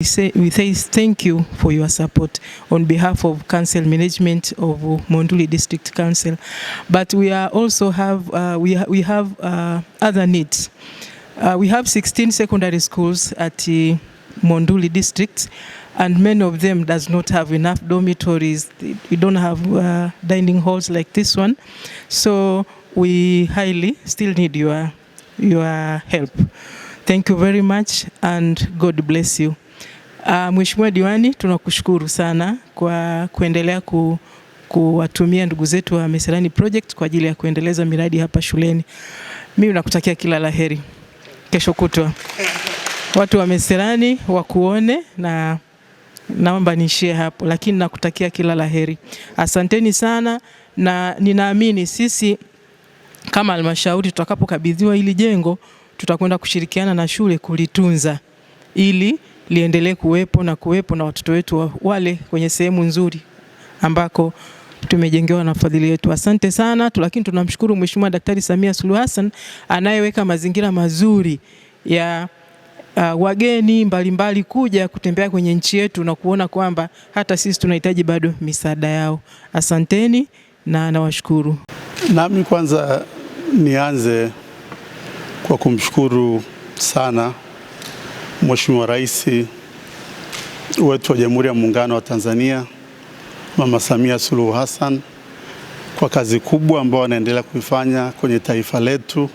We, say, we say thank you for your support on behalf of council management of Monduli District Council. But we are also have, uh, we, ha we have uh, other needs. Uh, we have 16 secondary schools at uh, Monduli district and many of them does not have enough dormitories. We don't have uh, dining halls like this one. So we highly still need your, your help. Thank you very much and God bless you. Uh, Mheshimiwa Diwani, tunakushukuru sana kwa kuendelea ku, kuwatumia ndugu zetu wa Meserani Project kwa ajili ya kuendeleza miradi hapa shuleni. Mimi nakutakia kila la heri. Kesho kutwa watu wa Meserani wakuone, na naomba niishie hapo, lakini nakutakia kila la heri. Asanteni sana, na ninaamini sisi kama halmashauri tutakapokabidhiwa hili jengo tutakwenda kushirikiana na shule kulitunza ili liendelee kuwepo na kuwepo na watoto wetu wale kwenye sehemu nzuri ambako tumejengewa na fadhili yetu. Asante sana, lakini tunamshukuru Mheshimiwa Daktari Samia Suluhu Hassan anayeweka mazingira mazuri ya uh, wageni mbalimbali mbali kuja kutembea kwenye nchi yetu na kuona kwamba hata sisi tunahitaji bado misaada yao. Asanteni na nawashukuru. Nami kwanza nianze kwa kumshukuru sana Mheshimiwa Rais wetu wa Jamhuri ya Muungano wa Tanzania Mama Samia Suluhu Hassan kwa kazi kubwa ambayo anaendelea kuifanya kwenye taifa letu,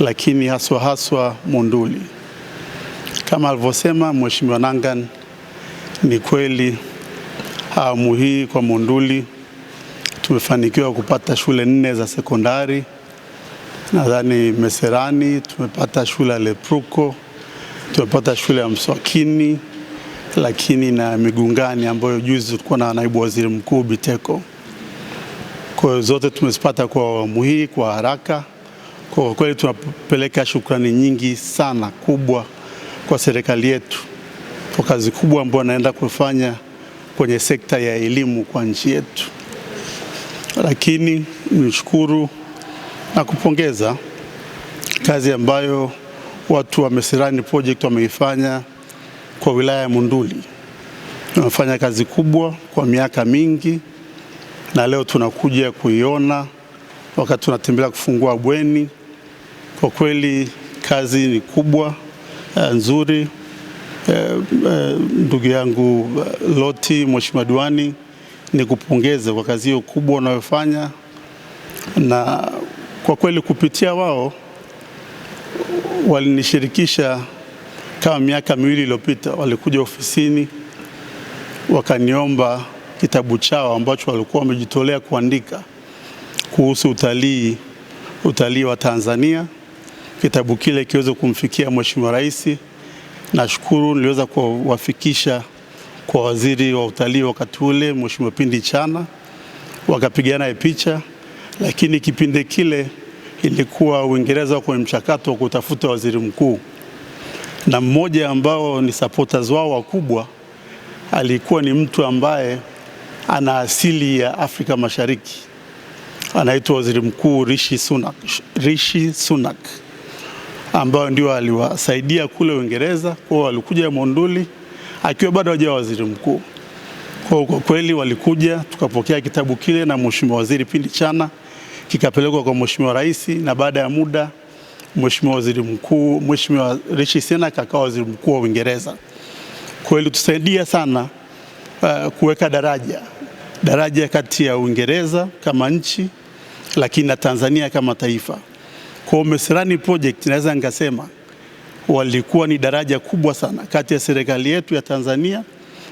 lakini haswa haswa Monduli. Kama alivyosema Mheshimiwa Nangan, ni kweli awamu hii kwa Monduli tumefanikiwa kupata shule nne za sekondari. Nadhani Meserani tumepata shule ya Lepruko tumepata shule ya Mswakini lakini na Migungani ambayo juzi tulikuwa na naibu waziri mkuu Biteko. Kwa hiyo zote tumezipata kwa awamu hii kwa haraka. Kwa kweli tunapeleka shukrani nyingi sana kubwa kwa serikali yetu kwa kazi kubwa ambayo anaenda kufanya kwenye sekta ya elimu kwa nchi yetu. Lakini nishukuru na kupongeza kazi ambayo watu wa Meserani project wameifanya kwa wilaya ya Munduli, wamefanya kazi kubwa kwa miaka mingi, na leo tunakuja kuiona wakati tunatembelea kufungua bweni. Kwa kweli kazi ni kubwa eh, nzuri. Eh, eh, ndugu yangu Loti, mheshimiwa diwani, nikupongeze kwa kazi hiyo kubwa unayofanya, na kwa kweli kupitia wao walinishirikisha kama miaka miwili iliyopita, walikuja ofisini wakaniomba kitabu chao ambacho walikuwa wamejitolea kuandika kuhusu utalii utalii wa Tanzania, kitabu kile kiweze kumfikia Mheshimiwa Rais. Nashukuru niliweza kuwafikisha kwa waziri wa utalii wakati ule Mheshimiwa Pindi Chana, wakapiga naye picha, lakini kipindi kile ilikuwa Uingereza kwenye mchakato wa kutafuta waziri mkuu, na mmoja ambao ni supporters wao wakubwa alikuwa ni mtu ambaye ana asili ya Afrika Mashariki, anaitwa waziri mkuu Rishi Sunak, Rishi Sunak ambao ndio aliwasaidia kule Uingereza. Kwao walikuja Monduli akiwa bado hajawa waziri mkuu. Kwa kweli walikuja tukapokea kitabu kile na mheshimiwa waziri Pindi Chana kikapelekwa kwa Mheshimiwa Rais, na baada ya muda Mheshimiwa Waziri Mkuu, Mheshimiwa Rishi Sunak akawa Waziri Mkuu wa Uingereza. Kwa hiyo tusaidia sana uh, kuweka daraja daraja kati ya Uingereza kama nchi lakini na Tanzania kama taifa. Kwa Meserani project naweza nikasema walikuwa ni daraja kubwa sana kati ya serikali yetu ya Tanzania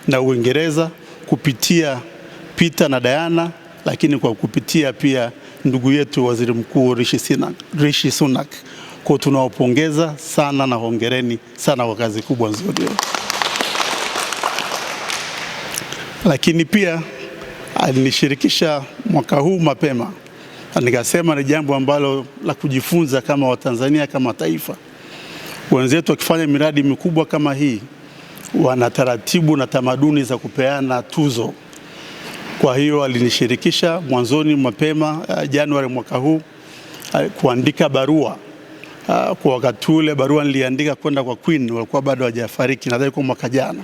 na Uingereza kupitia Peter na Diana, lakini kwa kupitia pia ndugu yetu Waziri Mkuu Rishi Sunak. Kwa tunawapongeza sana na hongereni sana kwa kazi kubwa nzuri. Lakini pia alinishirikisha mwaka huu mapema, nikasema ni jambo ambalo la kujifunza kama Watanzania, kama taifa. Wenzetu wakifanya miradi mikubwa kama hii wana taratibu na tamaduni za kupeana tuzo kwa hiyo alinishirikisha mwanzoni mapema uh, Januari mwaka huu uh, kuandika barua. Uh, kwa wakati ule barua niliandika kwenda kwa Queen, walikuwa bado hajafariki, nadhani kwa mwaka jana.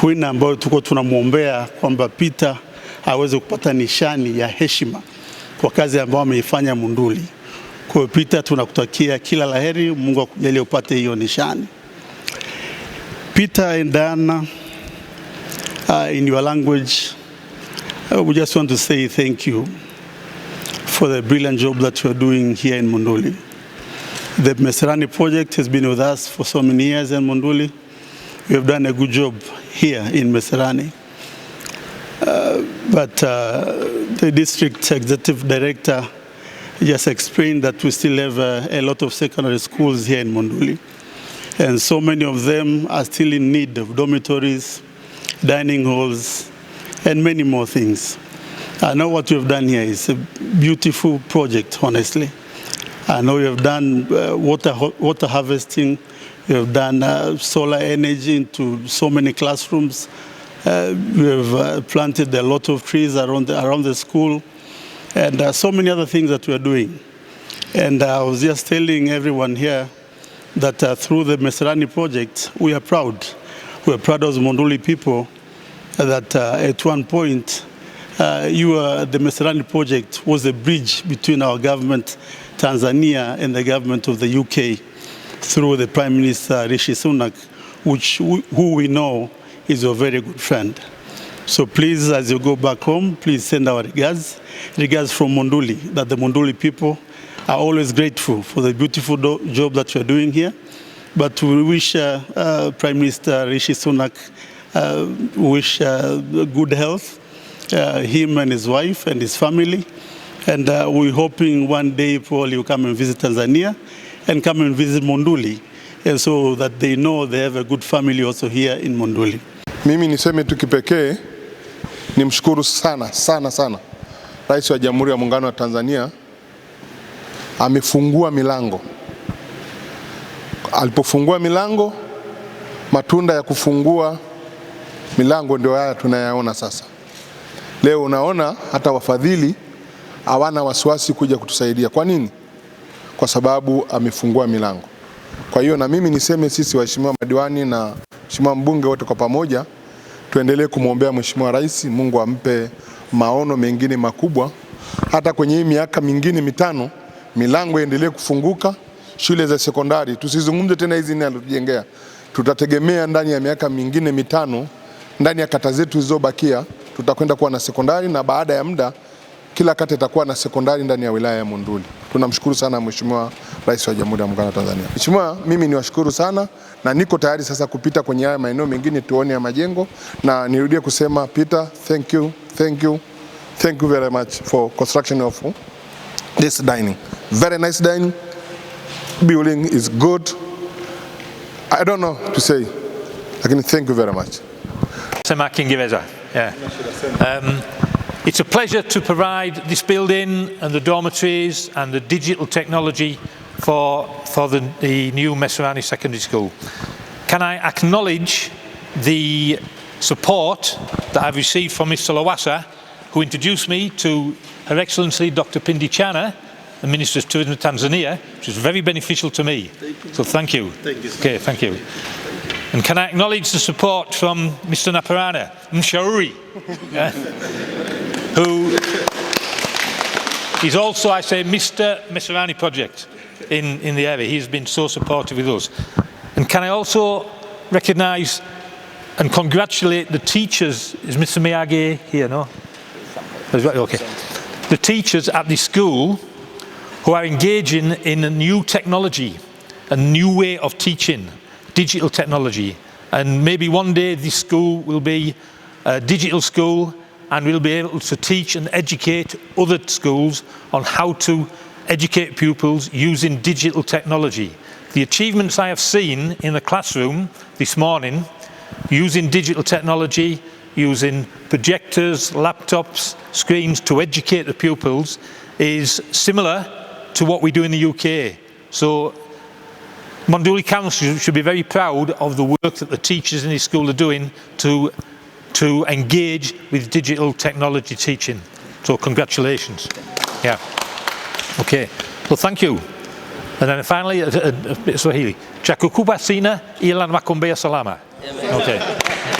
Queen ambayo tuko tunamwombea kwamba Peter aweze kupata nishani ya heshima kwa kazi ambayo ameifanya Munduli. Kwa hiyo Peter, tunakutakia kila laheri, Mungu akujalie upate hiyo nishani. Peter and Diana, uh, in your language We just want to say thank you for the brilliant job that you are doing here in Monduli. The Meserani project has been with us for so many years in Monduli. You have done a good job here in Meserani. Uh, but uh, the district executive director just explained that we still have uh, a lot of secondary schools here in Monduli. And so many of them are still in need of dormitories, dining halls, and many more things. I know what you have done here is a beautiful project, honestly. I know you have done uh, water, water harvesting, you have done uh, solar energy into so many classrooms. Uh, we have uh, planted a lot of trees around the, around the school and uh, so many other things that we are doing. And uh, I was just telling everyone here that uh, through the Meserani project, we are proud. We are proud as Monduli people that uh, at one point uh, you uh, the Messerani project was a bridge between our government, Tanzania, and the government of the UK through the Prime Minister Rishi Sunak, which, who we know is a very good friend. So please, as you go back home, please send our regards. Regards from Monduli, that the Monduli people are always grateful for the beautiful job that you are doing here. But we wish uh, uh, Prime Minister Rishi Sunak uh, wish uh, good health uh, him and his wife and his family and uh, we're hoping one day Paul you come and visit Tanzania and come and visit Monduli and uh, so that they know they have a good family also here in Monduli. Mimi niseme tu kipekee nimshukuru sana sana sana Rais wa Jamhuri ya Muungano wa Tanzania amefungua milango. Alipofungua milango, matunda ya kufungua milango ndio haya tunayaona sasa. Leo unaona hata wafadhili hawana wasiwasi kuja kutusaidia. Kwa nini? Kwa sababu amefungua milango. Kwa hiyo na mimi niseme sisi waheshimiwa madiwani na mheshimiwa mbunge wote kwa pamoja tuendelee kumwombea mheshimiwa rais, Mungu ampe maono mengine makubwa, hata kwenye hii miaka mingine mitano milango iendelee kufunguka. Shule za sekondari tusizungumze tena hizi ni alitujengea, tutategemea ndani ya miaka mingine mitano ndani ya kata zetu zilizobakia tutakwenda kuwa na sekondari na baada ya muda kila kata itakuwa na sekondari ndani ya wilaya ya Monduli. Tunamshukuru sana Mheshimiwa Rais wa Jamhuri ya Muungano wa Tanzania. Mheshimiwa, mimi niwashukuru sana na niko tayari sasa kupita kwenye haya maeneo mengine tuone ya majengo, na nirudie kusema Peter, thank you, thank you, thank you very much for construction of this dining. Very nice dining. Building is good. I don't know to say. Lakini thank you very much. Semakin Giveza. Yeah. Um, it's a pleasure to provide this building and the dormitories and the digital technology for, for the, the new Messerani Secondary School. Can I acknowledge the support that I've received from Mr. Lawasa, who introduced me to Her Excellency Dr. Pindi Chana, the Minister of Tourism of Tanzania, which was very beneficial to me. So thank you. Thank you. Okay, thank you. And can I acknowledge the support from Mr. Naparana Mshauri, yeah, who is also, I say, Mr. Messerani Project in, in the area. He's been so supportive with us. And can I also recognise and congratulate the teachers? Is Mr. Miyagi here? No? Okay. The teachers at the school who are engaging in a new technology, a new way of teaching digital technology. And maybe one day this school will be a digital school and we'll be able to teach and educate other schools on how to educate pupils using digital technology. The achievements I have seen in the classroom this morning using digital technology, using projectors, laptops, screens to educate the pupils is similar to what we do in the UK. So Monduli Council should be very proud of the work that the teachers in his school are doing to, to engage with digital technology teaching. So congratulations. Yeah. Okay. Well, thank you. And then finally, uh, uh, uh Swahili. Chakukubasina ilan makumbea salama. Okay.